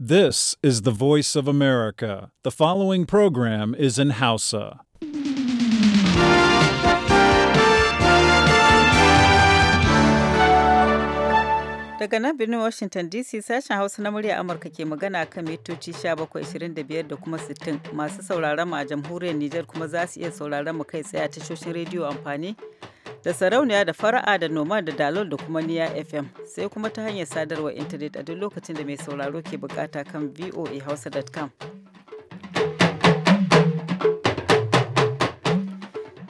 This is the voice of America. The following program is in Hausa. Daga nan birnin Washington DC sashen Hausa na murya Amurka ke magana kan mitoci 1725 da kuma 60 masu sauraron mu a jamhuriyar Niger kuma za su iya sauraron mu kai tsaye a tashoshin rediyo amfani da sarauniya da fara'a da noma da dalol da kuma niya fm sai kuma ta hanyar sadarwa intanet a duk lokacin da mai sauraro ke bukata kan voahausa.com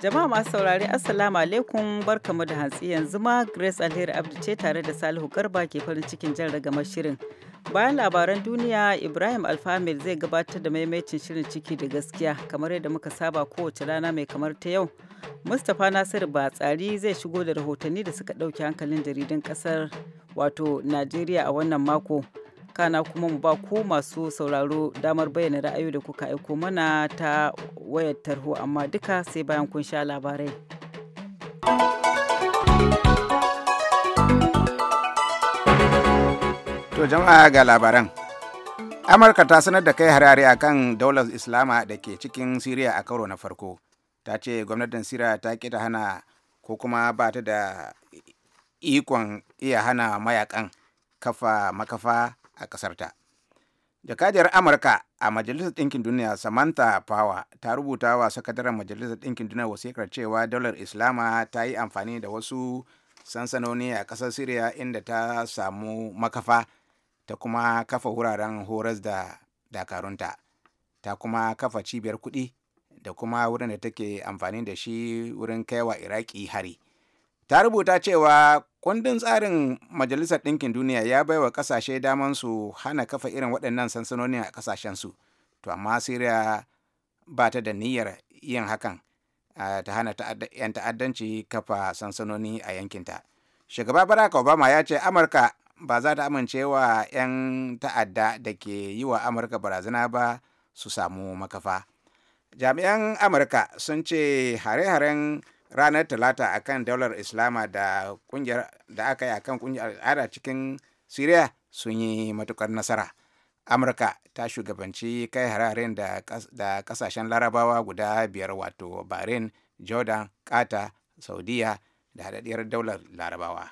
jama'a masu saurari assalamu alaikum barkamu da hantsi yanzu ma grace alheri abdu ce tare da salihu garba ke farin cikin jan ragamar shirin bayan labaran duniya ibrahim alfamil zai gabatar da maimaitin shirin ciki da gaskiya kamar yadda muka saba kowace rana mai kamar ta yau Mustapha Nasiru tsari zai shigo da rahotanni da suka ɗauke hankalin jaridan ƙasar wato Najeriya a wannan mako. Kana kuma mu ba ku masu sauraro damar bayyana ra'ayoyi da kuka aiko mana ta wayar tarho amma duka sai bayan kun sha labarai. To jama'a ga labaran. Amurka ta sanar da kai harare akan daular Islama da ke cikin Siriya a karo na farko. ta ce gwamnatin sira ta ki ta hana ko kuma ba ta da ikon iya hana mayakan kafa makafa a ƙasarta jakadiyar amurka a majalisar ɗinkin duniya samantha power ta rubuta wa sakataren majalisar ɗinkin duniya wasikar cewa dalar islama ta yi amfani da wasu sansanoni a ƙasar syria inda ta samu makafa ta kuma kafa wuraren horas da dakarunta ta kuma kafa cibiyar kuɗi da kuma wurin da take amfani da shi wurin kaiwa iraki hari ta rubuta cewa kundin tsarin majalisar ɗinkin duniya ya bai wa ƙasashe daman su hana kafa irin waɗannan sansanoni a ƙasashensu to amma siriya ba ta da niyyar yin hakan ta hana 'yan ta'addanci kafa sansanoni a yankinta shugaba barack obama ya ce amurka ba za ta amince wa 'yan ta'adda da ke yi wa amurka barazana ba su samu makafa jami'an amurka sun ce hare-haren ranar talata akan daular islama da kungiyar da aka yi akan kungiyar al'ada cikin syria sun yi matukar nasara amurka ta shugabanci kai hare-haren da, kasashen larabawa guda biyar wato bahrain jordan kata saudiya da hadaddiyar daular larabawa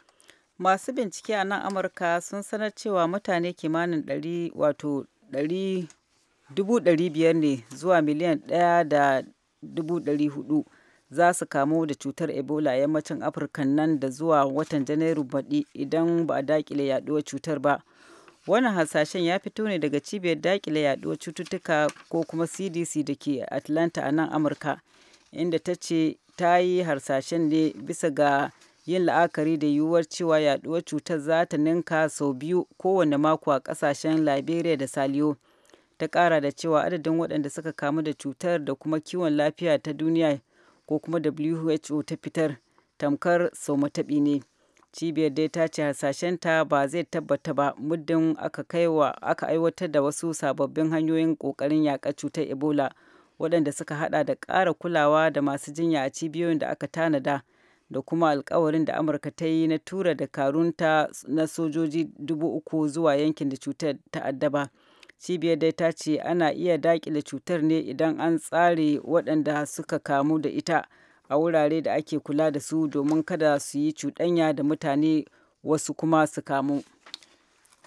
masu bincike a nan amurka sun sanar cewa mutane kimanin 100 wato 100 500,000 ne zuwa miliyan 1.400 za su kamu da cutar ebola yammacin afirka nan da zuwa watan janairu baɗi idan ba a dakile yaduwar cutar ba wannan hasashen ya fito ne daga cibiyar dakile yaɗuwar cututtuka ko kuma cdc da ke atlanta a nan amurka inda ta ce ta yi harsashen ne bisa ga yin la'akari da yiwuwar cewa yaduwar cutar za ta ninka sau biyu kowane mako a kasashen liberia da saliyo ta kara da cewa adadin waɗanda suka kamu da cutar da kuma kiwon lafiya ta duniya ko kuma who ta fitar tamkar sau mataɓi ne cibiyar dai ta ce ta ba zai tabbata ba muddin aka kaiwa aka aiwatar da wasu sababbin hanyoyin ƙoƙarin yaƙa cutar ebola waɗanda suka haɗa da ƙara kulawa da masu jinya a cibiyoyin da aka tanada da kuma alkawarin da amurka ta yi na tura da karunta na sojoji dubu uku zuwa yankin da cutar ta addaba Cibiyar dai ta ce ana iya daƙile cutar ne idan an tsare waɗanda suka kamu da ita a wurare da ake kula da su domin kada su yi cuɗanya da mutane wasu kuma su kamu.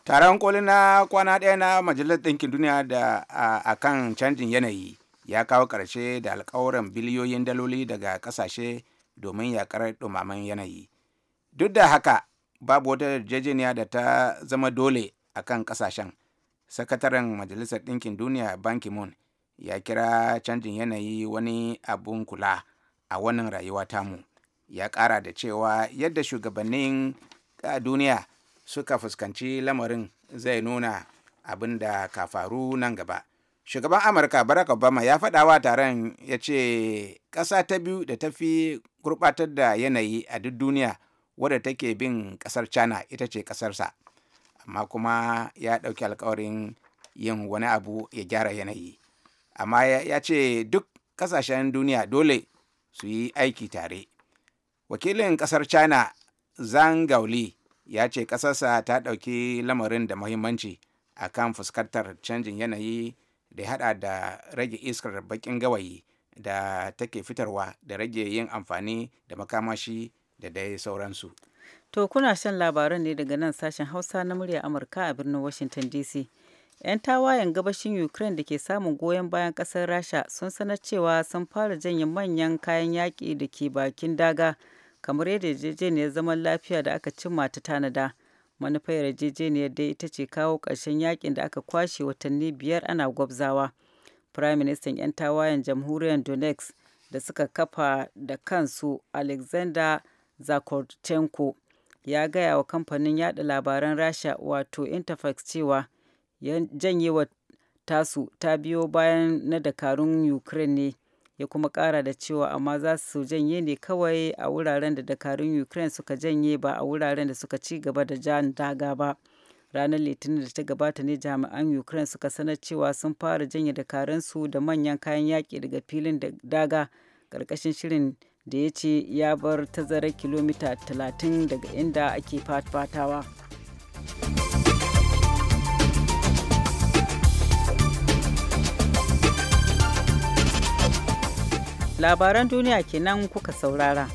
Taron koli na kwana ɗaya na Majalisar Ɗinkin Duniya da a kan canjin yanayi ya kawo ƙarshe da alƙawuran biliyoyin daloli daga ƙasashe domin yaƙar ɗumaman yanayi. Duk da haka babu wata yarjejeniya da ta zama dole a kan ƙasashen. sakataren majalisar ɗinkin duniya ban ki-moon ya kira canjin yanayi wani abun kula a wannan rayuwa tamu ya ƙara da cewa yadda shugabannin duniya suka fuskanci lamarin zai nuna abin da ka faru nan gaba shugaban amurka barack obama ya faɗa wa taron ya ce ƙasa ta biyu da ta fi gurɓatar da yanayi a duk duniya wadda take bin ƙasar china ita ce ƙasarsa amma kuma ya ɗauki alkawarin yin wani abu ya gyara yanayi amma ya ce duk ƙasashen duniya dole su yi aiki tare wakilin ƙasar china zhang gauli ya ce ƙasarsa ta ɗauki lamarin da muhimmanci a kan fuskantar canjin yanayi da ya haɗa da rage iskar baƙin gawayi da take fitarwa da rage yin amfani da makamashi da dai sauransu. To kuna shan labaran ne daga nan sashen Hausa na murya Amurka a birnin Washington DC. 'Yan tawayen gabashin Ukraine da ke samun goyon bayan ƙasar Rasha sun sanar cewa sun fara janye manyan kayan yaƙi da ke bakin daga kamar yadda yarjejeniyar zaman lafiya da aka cimma ta tanada. Manufar yarjejeniyar dai ita ce kawo ƙarshen yaƙin da aka kwashe watanni biyar ana gwabzawa. Prime Ministan 'yan tawayen jamhuriyar Donetsk da suka kafa da kansu Alexander Zakorchenko ya gaya wa kamfanin yada labaran rasha wato interfax cewa janyewa tasu ta biyo bayan na dakarun ukraine ne ya kuma kara da cewa amma za su janye ne kawai a wuraren da dakarun ukraine suka janye ba a wuraren da suka ci gaba da jan daga ba ranar litinin da ta gabata ne jami'an ukraine suka sanar cewa sun fara janye dakarunsu da manyan kayan yaki daga filin daga ƙarƙashin shirin da ya ce ya bar tazarar kilomita 30 daga inda ake fatawa. labaran duniya kenan kuka saurara.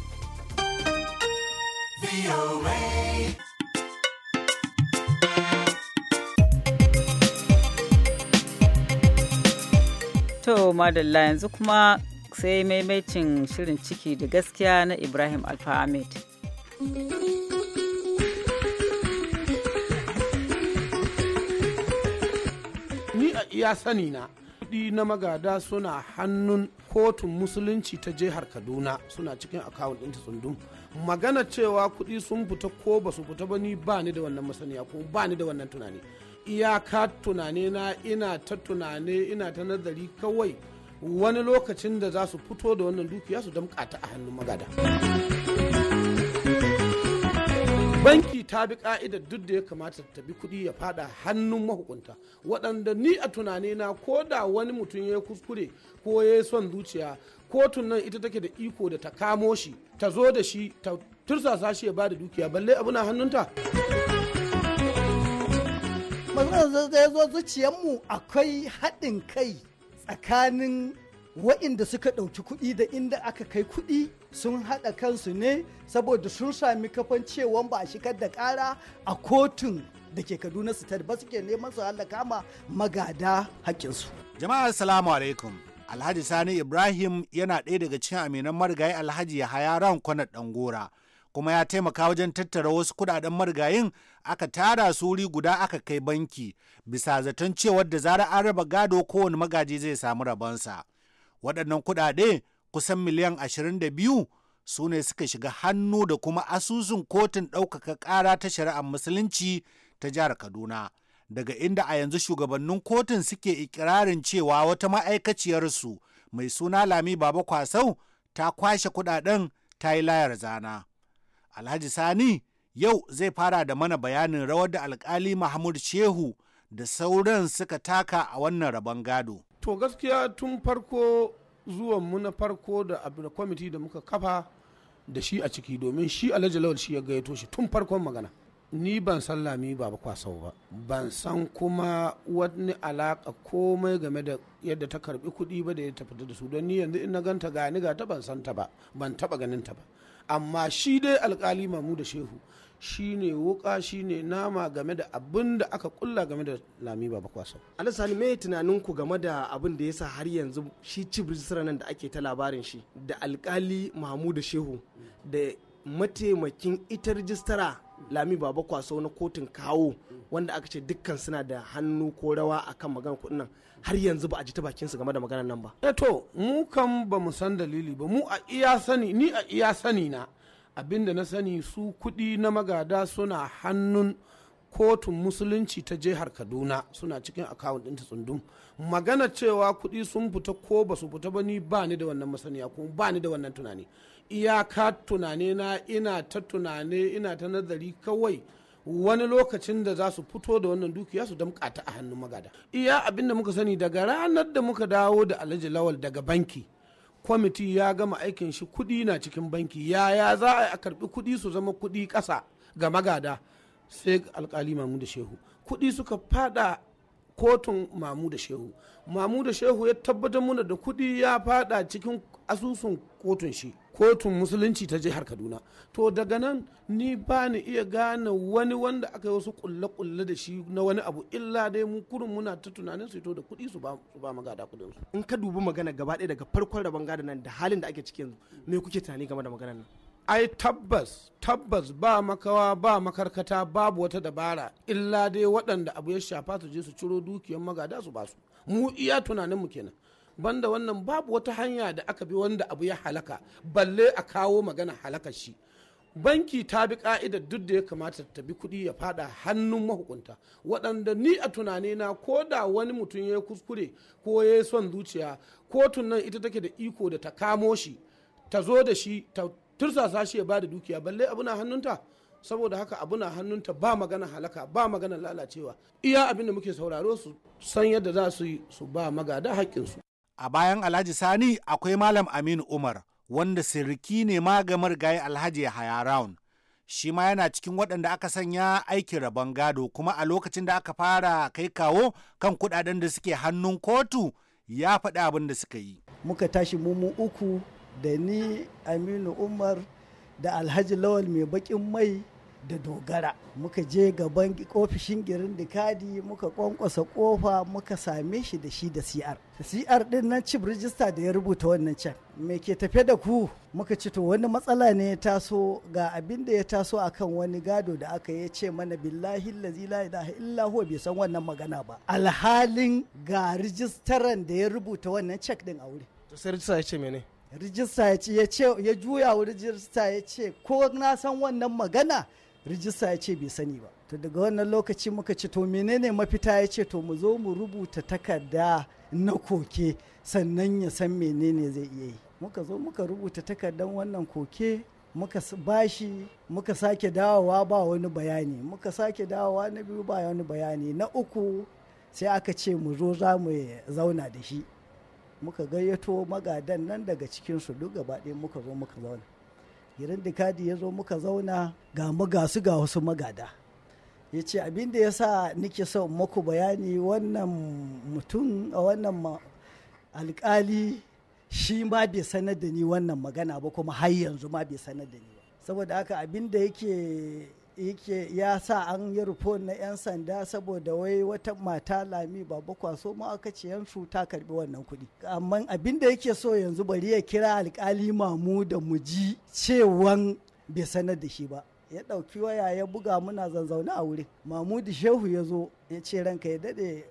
To madalla yanzu kuma sai maimacin shirin ciki da gaskiya na ibrahim alfa ahmed ni a iya sani na kuɗi na magada suna hannun kotun musulunci ta jihar kaduna suna cikin akawun ɗinta sundun magana cewa kuɗi sun fita ko ba su fita ba ni ba ni da wannan masaniya ko ba ni da wannan tunani iyaka tunanena ina ta tunane ina ta nazari kawai wani lokacin da za su fito da wannan dukiya su damƙa ta a hannun magada banki ta bi ka'idar duk da ya kamata ta bi kuɗi ya fada hannun mahukunta waɗanda ni a na ko da wani mutum ya kuskure ko ya son zuciya kotun nan ita take da iko da ta kamo shi ta zo da shi ta tursasa shi ya bada dukiya balle abu na hannunta maganar zai zo zuciyarmu akwai haɗin kai tsakanin waɗanda suka ɗauki kuɗi da inda aka kai kuɗi sun haɗa kansu ne saboda sun sami kafan cewa ba a shigar da ƙara a kotun da ke kaduna su ba suke neman su hallaka ma magada haƙƙinsu. jama'a assalamu alaikum alhaji sani ibrahim yana ɗaya daga cikin aminan marigayi alhaji yahaya ran kwanar ɗangora kuma ya taimaka wajen tattara wasu kuɗaɗen marigayin aka tara su wuri guda aka kai banki bisa zaton cewar da zarar an raba gado kowane magaji zai samu rabonsa waɗannan kuɗaɗe kusan miliyan 22 su ne suka shiga hannu da kuma asusun kotun ɗaukaka ƙara ta shari'ar musulunci ta jihar kaduna daga inda a yanzu shugabannin kotun suke ikirarin cewa wata ma'aikaciyarsu mai suna lami baba kwasau ta kwashe kuɗaɗen ta yi layar zana alhaji sani yau zai fara da mana bayanin rawar da alkali mahmud shehu da sauran suka taka a wannan rabon gado to gaskiya tun farko zuwan mu na farko da abu kwamiti da muka kafa da shi a ciki domin shi alhaji lawal shi ya gayyato shi tun farkon magana ni ban san lami baba kwasau ba ban san kuma wani alaka komai game da yadda ta karbi kuɗi ba da ya tafi da su don ni yanzu in na ganta gani ga ta ban san ta ba ban taba ganin ta ba amma shi dai alkali mamu da shehu shi ne wuka shi ne nama game da abin da aka kulla game da lami baba kwaso alisani me tunanin ku game da abin da yasa har yanzu shi cibir nan da ake ta labarin shi da alkali mamu da shehu da mataimakin ita rijistara lami baba kwaso na kotun kawo wanda aka ce dukkan suna da hannu ko rawa akan maganar kuɗin nan har yanzu ba a ji ta bakin su game da maganar nan ba eh to mu kan ba mu san dalili ba mu a iya sani ni a iya sani na abinda na sani su kuɗi na magada suna hannun kotun musulunci ta jihar kaduna suna cikin akawun dinta tsundum magana cewa kuɗi sun fita ko ba su fita ba ni ba ni da wannan masaniya ko ba ni da wannan tunani iyaka tunane na ina ta tunane ina ta nazari kawai wani lokacin da za su fito da wannan dukiya su damƙa ta a hannun magada iya abin da muka sani daga ranar da muka dawo da alhaji lawal daga banki kwamiti ya gama aikin shi kuɗi na cikin banki yaya za a yi a karɓi kuɗi su zama kuɗi ƙasa ga magada sai alkali mamu da shehu kuɗi suka fada kotun mamu da shehu mamu da shehu ya tabbatar muna da kuɗi ya fada cikin asusun kotun shi kotun musulunci ta jihar kaduna to daga nan ni ba ni iya gane wani wanda aka yi wasu kulle-kulle da shi na wani abu illa dai mu kurun muna ta tunanin su to da kuɗi su ba magada kuɗin su in ka dubi magana gaba ɗaya daga farkon rabon gada nan da halin da ake cikin yanzu me kuke tunani game da maganar nan ai tabbas tabbas ba makawa ba makarkata babu wata dabara illa dai waɗanda abu ya shafa su je su ciro dukiyar magada su ba su mu iya tunanin mu kenan banda wannan babu wata hanya da aka bi wanda abu ya halaka balle a kawo magana halakar shi banki ta bi ka'idar duk da ya kamata ta bi kuɗi ya fada hannun mahukunta waɗanda ni a na ko da wani mutum ya kuskure ko ya son zuciya kotun nan ita take da iko da ta kamo shi ta zo da shi ta tursasa shi ya ba da dukiya balle abu na hannunta saboda haka abu na hannunta ba magana halaka ba magana lalacewa iya abin da muke sauraro su san yadda za su yi su ba magada haƙƙinsu a bayan alhaji sani akwai malam aminu umar wanda sirriki ne magamar gayi alhaji haya round shi ma yana cikin waɗanda aka sanya aikin rabon gado kuma a lokacin da aka fara kai kawo kan kuɗaɗen da suke hannun kotu ya faɗi abin da suka yi muka tashi mumu uku da ni aminu umar da alhaji lawal mai baƙin mai da dogara muka je gaban ofishin girin dikadi muka kwankwasa kofa muka same shi da shi da cr cr din nan chip register da ya rubuta wannan can me ke tafe da ku muka ci to wani matsala ne ya taso ga abin da ya taso akan wani gado da aka ya ce mana billahi lazi la ilaha illa huwa bai san wannan magana ba alhalin ga rijistaran da ya rubuta wannan check din a wuri to sai rijista ya ce mene rijista ya ce ya juya wa rijista ya ce ko na san wannan magana rijista ya ce bai sani ba to daga wannan lokaci muka ce to menene mafita ya ce to mu zo mu rubuta takarda na koke sannan ya san menene zai iya yi muka zo muka rubuta takardan wannan koke muka bashi muka sake dawowa ba wani bayani muka sake dawowa na biyu ba wani bayani na uku sai aka ce mu zo za mu zauna da shi muka gayyato magadan nan daga cikinsu duk gaba muka zo muka zauna girin dikadi ya zo muka zauna ga mu ga su ga wasu magada ya ce abin da ya sa nike son maku bayani wannan mutum a wannan alkali shi ma bai sanar da ni wannan magana ba kuma har yanzu ma bai sanar da ni ba saboda haka abin da yake yake ya sa an yi rufo na 'yan sanda saboda wai wata mata lami Babu kwaso ma aka ce yan ta karbi wannan kuɗi amma abin da yake so yanzu bari ya kira alkali mamu da mu ji cewan bai sanar da shi ba ya ɗauki waya ya buga muna zanzauna a wurin da shehu ya zo ya ce ranka ya daɗe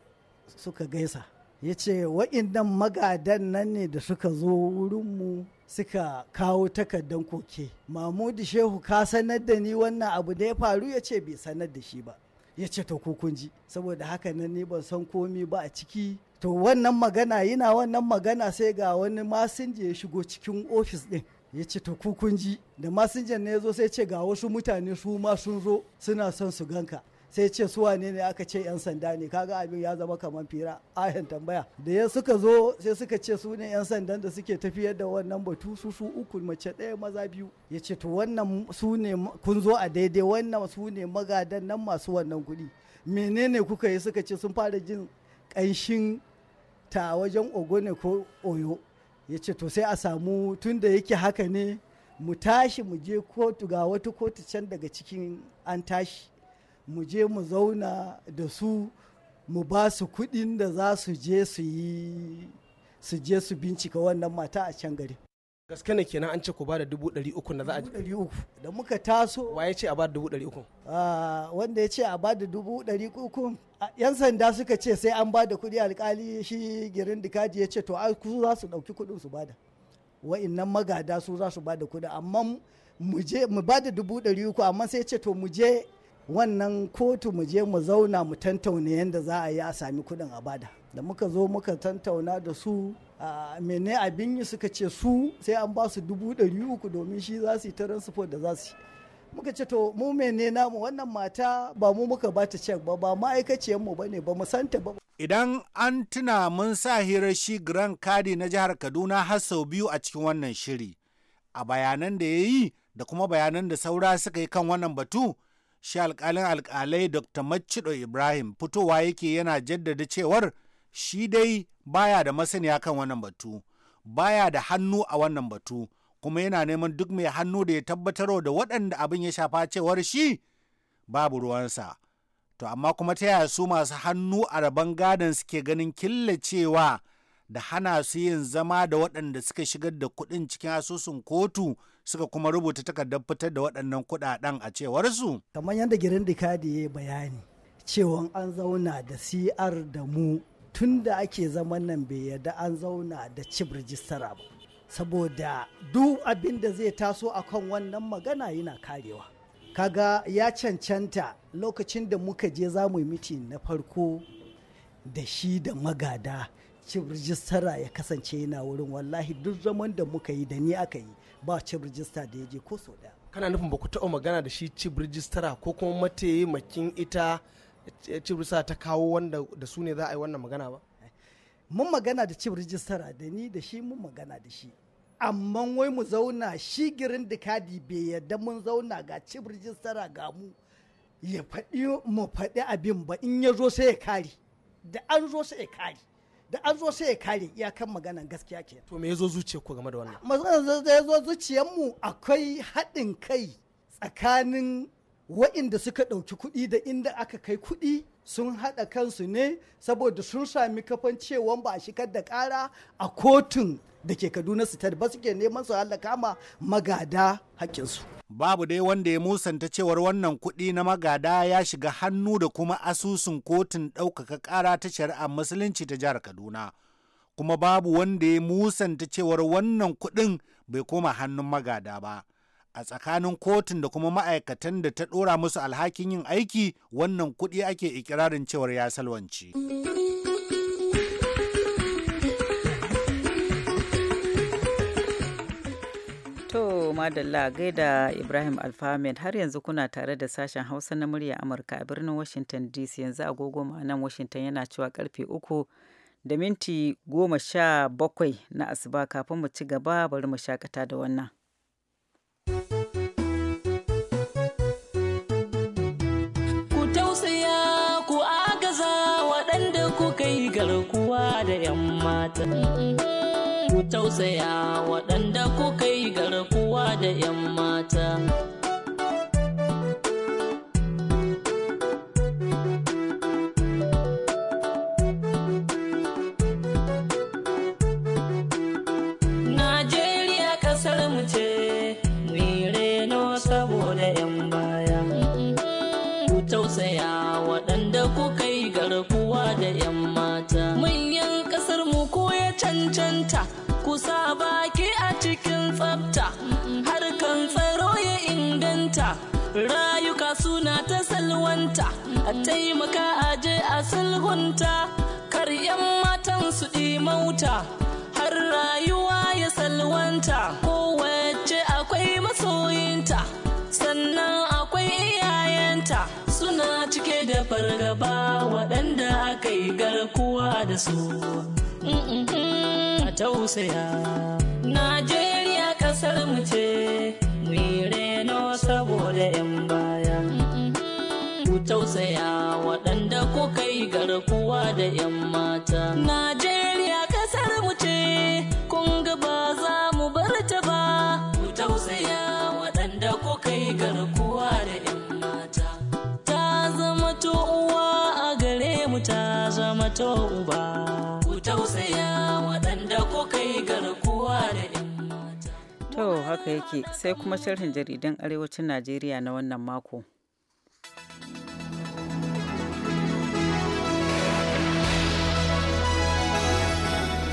suka gaisa ya ce wa'innan magadan nan ne da suka zo wurinmu suka kawo takardan koke mamudu shehu ka sanar da ni wannan abu da ya faru ya ce bai sanar da shi ba ya ce ta kukunji saboda haka nan ni ban san komi ba a ciki to wannan magana yana wannan magana sai ga wani masinja ya shigo cikin ofis ɗin ya ce ta kukunji da masinjan ne ya zo sai ce ga wasu mutane su ma sun zo suna son su ganka sai ce su wane ne aka ce 'yan sanda ne kaga abin ya zama kamar fira ahin tambaya da ya suka zo sai suka ce su ne 'yan sandan da suke tafiyar da wannan batu su su uku mace ɗaya maza biyu ya ce to wannan su ne kun zo a daidai wannan su ne magadan nan masu wannan kuɗi menene kuka yi suka ce sun fara jin ƙanshin ta wajen ogone ko oyo ya ce to sai a samu tun da yake haka ne mu tashi mu je kotu ga wata kotu can daga cikin an tashi mu je mu zauna da su mu ba su kuɗin da za su je su yi su je su bincika wannan mata a can gari gaske ne kenan an ce ku ba da dubu ɗari uku na za a ɗari uku da muka taso wa ya ce a ba da dubu ɗari uku wanda ya ce a ba da dubu ɗari uku yan sanda suka ce sai an ba da kuɗi alkali shi girin dikaji ya ce to a ku za su ɗauki kuɗin su ba da wa'innan magada su za su ba da kuɗi amma mu je mu ba da dubu ɗari uku amma sai ya ce to mu je wannan kotu mu je mu zauna mu tantauna yadda za a yi a sami kuɗin abada da muka zo muka tantauna da su a mene abin yi suka ce su sai an ba su dubu ɗari uku domin shi za su yi transport da za su muka ce to mu mene namu wannan mata ba mu muka ba ta cek ba ba ma'aikaciyar mu bane ba mu santa ba idan an tuna mun sa hirar shi grand kadi na jihar kaduna har sau biyu a cikin wannan shiri a bayanan da ya yi da kuma bayanan da saura suka yi kan wannan batu shi alkalin alkalai dr macido ibrahim fitowa yake yana jaddada cewar shi dai baya da masaniya kan wannan batu baya da hannu a wannan batu kuma yana neman duk mai hannu da ya tabbatar da waɗanda abin ya shafa cewar shi babu ruwansa to amma kuma ta yaya su masu hannu a rabon gadon suke ganin killacewa da hana su yin zama da waɗanda suka shigar da kuɗin cikin asusun kotu suka kuma rubuta takardar fitar da waɗannan kuɗaɗen a cewarsu. Kamar yadda girin dikadi ya bayani cewa an zauna da CR da mu tun da ake zaman nan bai yarda an zauna da cib rijistara ba. Saboda duk abin da zai taso a kan wannan magana yana karewa. Kaga ya cancanta lokacin da muka je za mu yi na farko da shi da magada cib rijistara ya kasance yana wurin wallahi duk zaman da muka yi da ni aka yi ba cib rijista da ya je ko sau ɗaya. kana nufin ba ku taɓa magana da shi cib rijistara ko kuma mataimakin ita cib rijistara ta kawo wanda da su ne za a yi wannan magana ba. mun magana da cib rijistara da ni da shi mun magana da shi amma wai mu zauna shi girin dikadi bai yadda mun zauna ga cib rijistara ga mu ya faɗi mu faɗi abin ba in ya zo sai ya kari da an zo sai ya kare da an zo sai ya kare iyakan magana gaskiya ke to me yazo zuciya ku game da wannan maganar da yazo zuciyar mu akwai haɗin kai tsakanin wa'inda suka ɗauki kuɗi da inda aka kai kuɗi sun haɗa kansu ne saboda sun sami kafan cewa ba a shigar da ƙara a kotun da ke kaduna su ba suke neman su hallaka ma magada hakinsu. babu dai wanda ya musanta cewar wannan kuɗi na magada ya shiga hannu da kuma asusun kotun ɗaukaka ƙara ta shari'ar musulunci ta jihar kaduna kuma babu wanda ya musanta cewar wannan kuɗin bai koma hannun magada ba a tsakanin kotun da kuma ma'aikatan da ta ɗora musu alhakin yin aiki wannan kuɗi ake ikirarin cewar ya salwanci. madalla gaida Ibrahim Alfamed har yanzu kuna tare da sashen Hausa na murya Amurka a birnin Washington DC yanzu agogo nan Washington yana cewa karfe uku da minti goma sha bakwai na asuba kafin mu ci gaba bari mu shakata da wannan. Ku tausaya ku agaza waɗanda kuka yi garkuwa da 'yan mata. 'yan a taimaka a je a sulhunta kar 'yan matan su mauta har rayuwa ya salwanta kowace akwai masoyinta sannan akwai iyayenta suna cike da fargaba waɗanda aka yi garkuwa da su a tausaya najeriya ƙasar mu ce mu reno saboda 'yan baya tausaya waɗanda ko kai garkuwa da 'yan mata. Najeriya kasar mu ce, kun ga ba za mu bar ta ba. Ku tausaya waɗanda ko kai garkuwa da 'yan mata. Ta zama to uwa a gare mu ta zama to uba. Ku tausaya waɗanda ko kai garkuwa da 'yan mata. To haka yake sai kuma sharhin jaridan arewacin Najeriya na wannan mako.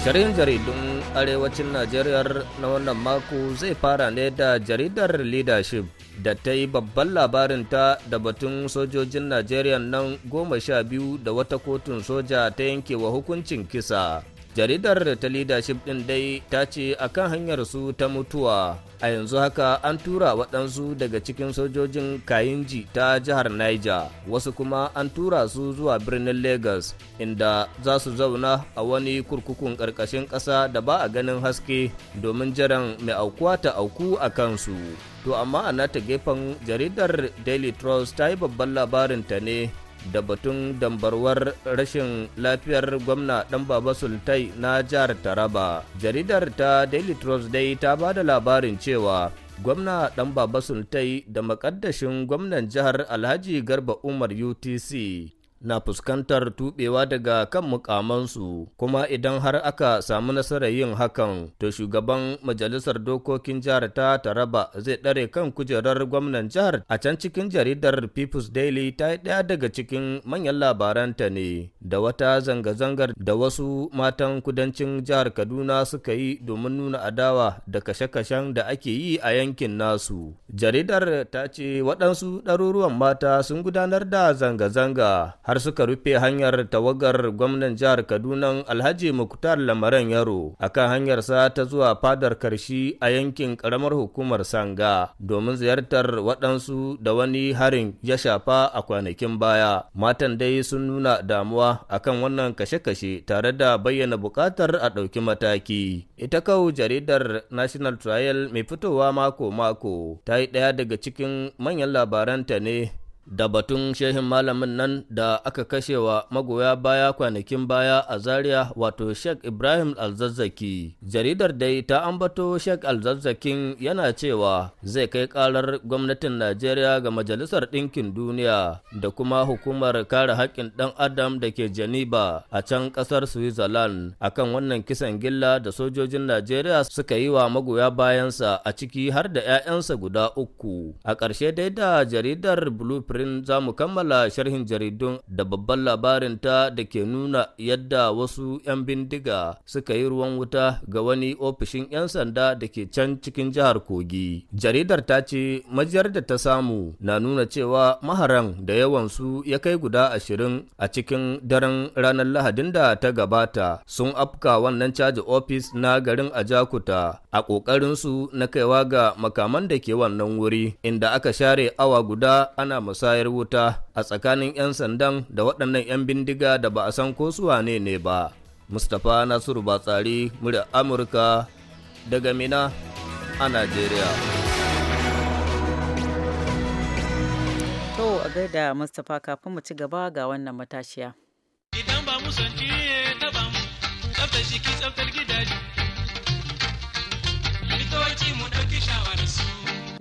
Shirin jaridun Arewacin Najeriya na wannan mako zai fara ne da jaridar Leadership da ta yi babban ta da batun sojojin Najeriya nan goma sha biyu da wata kotun soja ta yanke wa hukuncin kisa. jaridar ta leadership ɗin dai ta ce a kan hanyar su ta mutuwa a yanzu haka an tura waɗansu daga cikin sojojin kayinji ta jihar niger wasu kuma an tura su zuwa birnin lagos inda za su zauna a wani kurkukun ƙarƙashin ƙasa da ba a ganin haske domin jiran mai aukuwa ta auku a kansu to amma a nata gefen jaridar daily trust ta yi babban labarinta ne da batun dambarwar rashin lafiyar gwamna dan baba sultai na jihar taraba jaridar ta daily trust dai ta ba da labarin cewa gwamna dan baba sultai da makaddashin gwamnan jihar alhaji garba umar utc na fuskantar tubewa daga kan mukamansu kuma idan har aka samu nasarar yin hakan to shugaban majalisar dokokin jihar ta taraba zai ɗare kan kujerar gwamnan jihar a can cikin jaridar people's daily ta yi ɗaya daga cikin manyan labaranta ne da wata zanga-zangar da wasu matan kudancin jihar kaduna suka yi domin nuna adawa da kashe-kashen da ake yi a yankin nasu jaridar ta ce waɗansu ɗaruruwan mata sun gudanar da zanga-zanga har suka rufe hanyar tawagar gwamnan jihar Kaduna Alhaji Muktar Lamaran Yaro akan hanyarsa ta zuwa fadar karshi a yankin karamar hukumar Sanga domin ziyartar waɗansu da wani harin ya shafa a kwanakin baya. Matan dai sun nuna damuwa a kan wannan kashe-kashe tare da bayyana buƙatar a ɗauki mataki. Ita kau jaridar National Trial mai fitowa mako-mako ta yi ɗaya daga cikin manyan labaranta ne da batun shehin malamin nan da aka kashewa magoya baya kwanakin baya a zaria wato sheikh ibrahim alzazzaki jaridar dai ta ambato sheikh alzazzakin yana cewa zai kai karar gwamnatin najeriya ga majalisar ɗinkin duniya da kuma hukumar kare haƙƙin ɗan adam da ke geneva a can ƙasar switzerland akan wannan kisan gilla da sojojin najeriya suka yi wa magoya bayansa a ciki har da 'ya'yansa guda uku a ƙarshe dai da jaridar blueprint jibrin za mu kammala sharhin jaridun da babban labarin ta da ke nuna yadda wasu 'yan bindiga suka yi ruwan wuta ga wani ofishin 'yan sanda da ke can cikin jihar kogi jaridar ta ce majiyar da ta samu na nuna cewa maharan da yawansu ya kai guda ashirin a cikin daren ranar lahadin da ta gabata sun afka wannan caji ofis na garin ajakuta a ƙoƙarinsu na kaiwa ga makaman da ke wannan wuri inda aka share awa guda ana musamman musayar wuta a tsakanin 'yan sandan da waɗannan 'yan bindiga da ba a san ko su wane ne ba. Mustapha Nasiru Batsari, murya Amurka daga Mina a Najeriya. To a gaida Mustapha kafin mu ci gaba ga wannan matashiya. Idan ba mu san ba mu, tsaftar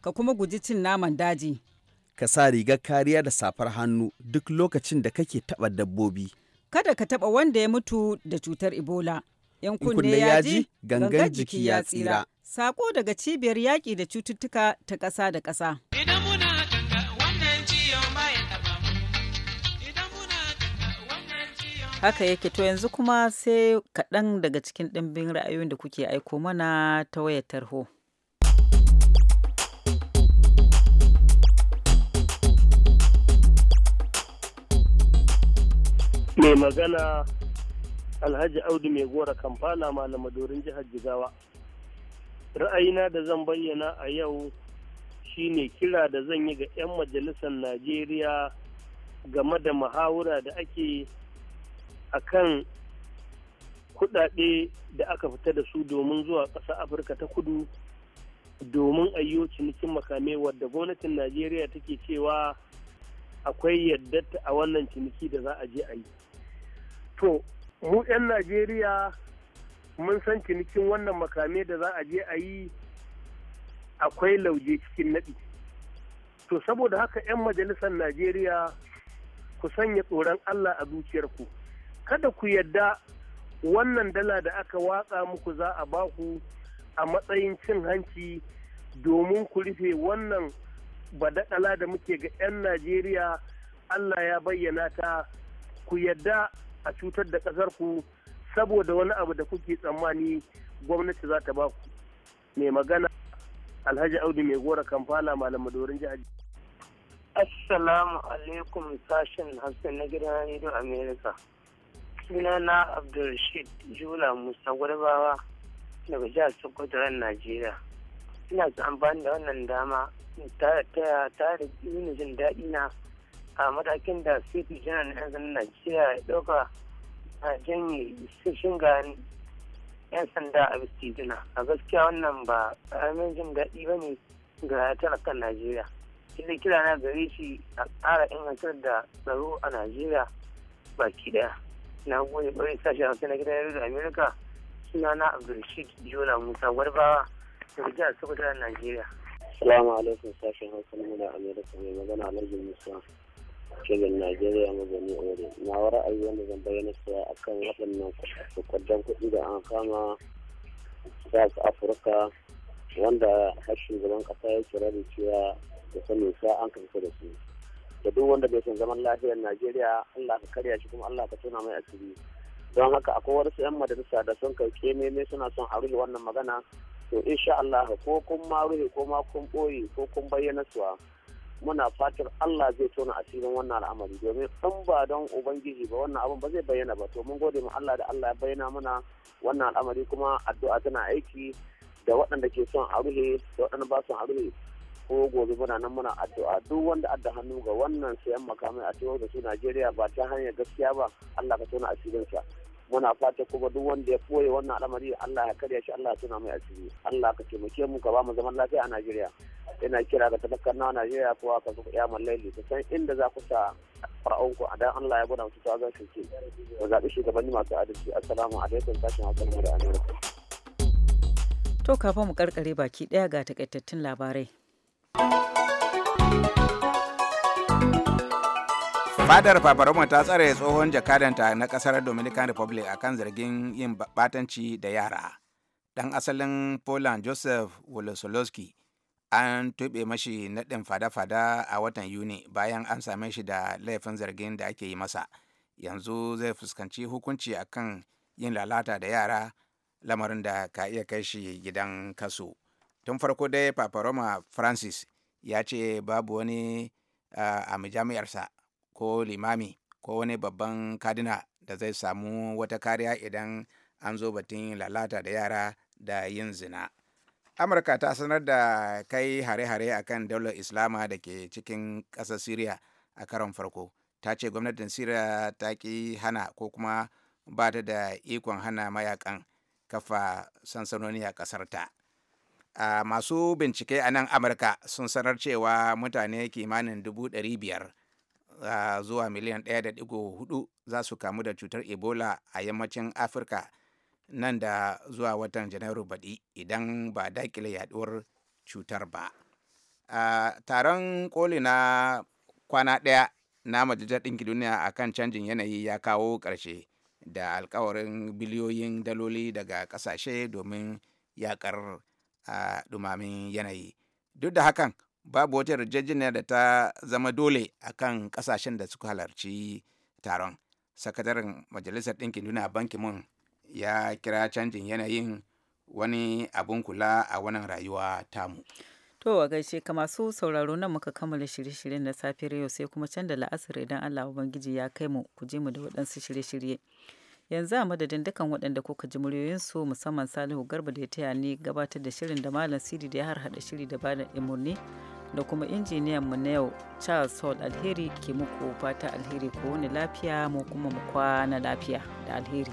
ka kuma guji cin naman daji. Ka sa rigar kariya da safar hannu duk lokacin da kake taɓa dabbobi. Kada ka taɓa wanda ya mutu da cutar Ebola. In kunne ya ji, gangan jiki ya tsira. Sako daga cibiyar yaƙi da cututtuka ta ƙasa da ƙasa. haka yake to yanzu kuma sai kaɗan daga cikin ɗimbin ra'ayoyin da kuke aiko mana ta wayar tarho. mai magana alhaji audu mai gora kamfana malamadorin jihar jigawa ra'ayina da zan bayyana a yau shine kira da zan yi ga 'yan majalisar najeriya game da muhawura da ake a kan kudade da aka fita da su domin zuwa ƙasa afirka ta kudu domin ayyo cinikin makamai wadda gwamnatin najeriya take cewa akwai yadda a wannan ciniki da za a je a yi to mu 'yan najeriya mun san cinikin wannan makamai da za a je a yi akwai lauje cikin naɗi to saboda haka 'yan majalisar najeriya ku sanya tsoron allah a zuciyarku kada ku yadda wannan dala da aka watsa muku za a ba ku a matsayin cin hanci domin ku rufe wannan badakala da muke ga 'yan najeriya allah ya bayyana ta ku yadda a cutar da ƙasar ku saboda wani abu da kuke tsammani gwamnati za ta ba ku mai magana alhaji audu mai gora kamfala malam madorin jihar assalamu alaikum sashen hausa na gidan radio america sunana abdulrashid jula musa gwarbawa daga jihar sokoto najeriya ina su amfani da wannan dama tare da nuna jin daɗi na a matakin da city janar na yanzu najeriya ya ɗauka a janye sishin gani yan sanda a bistiduna a gaskiya wannan ba ƙaramin jin daɗi ba ne ga talakan najeriya shi kira na gare shi a ƙara ingantar da tsaro a najeriya baki ɗaya na gode ɓari sashi hausa na gidan yaro da amerika suna na abdulrashid yola musa gwarbawa da jihar sokoto najeriya salamu alaikum sashen Hausa na amerika mai magana Alhaji Musa shirin Najeriya mazani Ore. Na wa ra'ayi wanda zan bayyana a akan waɗannan kwadon kuɗi da an kama South Africa wanda hashin zaman ƙasa ya kira da cewa da sanin sa an kafa da su. Da duk wanda bai san zaman lafiyar Najeriya Allah ka karya shi kuma Allah ka tona mai asiri. Don haka akwai wasu 'yan majalisa da sun kai kememe suna son a rufe wannan magana to insha Allah ko kun ma rufe ko ma kun ɓoye ko kun bayyana suwa. muna fatar Allah zai tona asirin wannan al'amari domin in ba don ubangiji ba wannan abin ba zai bayyana ba to mun gode mu Allah da Allah ya bayyana muna wannan al'amari kuma addu'a tana aiki da waɗanda ke son a ruhe da waɗanda ba son a ruhe ko gobe muna nan muna addu'a duk wanda adda hannu ga wannan sayan makamai a cikin da su Najeriya ba ta hanyar gaskiya ba Allah ka tona asirin sa muna fata kuma duk wanda ya koye wannan al'amari Allah ya karya shi Allah ya tuna mai asiri Allah ka taimake mu ka ba mu zaman lafiya a Najeriya ina kira ga talakar na Najeriya kowa ka zo ya mallaili ka san inda za ku sa fara'un ku dan Allah ya gwada mutu ta zan shirke ku zaɓi shugabanni masu adalci assalamu alaikum tashin mu da Amerika. To kafin mu karkare baki ɗaya ga takaitattun labarai. fadar fafaroma ta tsare tsohon jakadanta na kasar dominican republic akan zargin yin batanci da yara dan asalin poland joseph wolosolowski an tuɓe mashi naɗin fada-fada a watan yuni bayan an same shi da laifin zargin da ake yi masa yanzu zai fuskanci hukunci akan yin lalata da yara lamarin da ka iya kai shi gidan kaso tun farko dai paparoma francis ya ce babu wani uh, a majami'arsa ko limami ko wani babban kadina da zai samu wata kariya idan an zo batun lalata da yara da yin zina amurka ta sanar da kai hare-hare a kan daular islama da ke cikin ƙasar syria a karon farko ta ce gwamnatin syria ta ki hana ko kuma ba ta da ikon hana mayakan kafa sansanoni a ƙasarta a masu bincike a nan amurka sun sanar cewa mutane kimanin dubu ɗari biyar Ah, zuwa miliyan 1.4 za su kamu da cutar ebola a yammacin afirka nan da zuwa watan janairu baɗi idan ba dakile yaduwar cutar ba ah, taron koli na kwana ɗaya na majalisar ɗinki duniya a kan canjin yanayi ya kawo ƙarshe da alkawarin biliyoyin daloli daga ƙasashe domin yakar dumamin ah, yanayi duk da hakan babu wata yarjejeniya da ta zama dole a kan kasashen da suka halarci taron sakataren majalisar ɗinkin duniya banki mun ya kira canjin yanayin wani abun kula a wannan rayuwa tamu To a gaishe ka masu sauraro nan muka kammala shirye-shiryen na safiyar yau sai kuma can da la'asar idan Allah Ubangiji ya kai mu ku je mu da waɗansu shirye-shirye. yanzu a madadin dukkan waɗanda kuka ji muryoyinsu musamman salihu garba da ya taya ni gabatar da shirin da malam sidi da ya harhaɗa shiri da bada imurni da kuma injiniyan mu na yau charles hall alheri ke muku fata alheri ko wani lafiya mu kuma mu kwana lafiya da alheri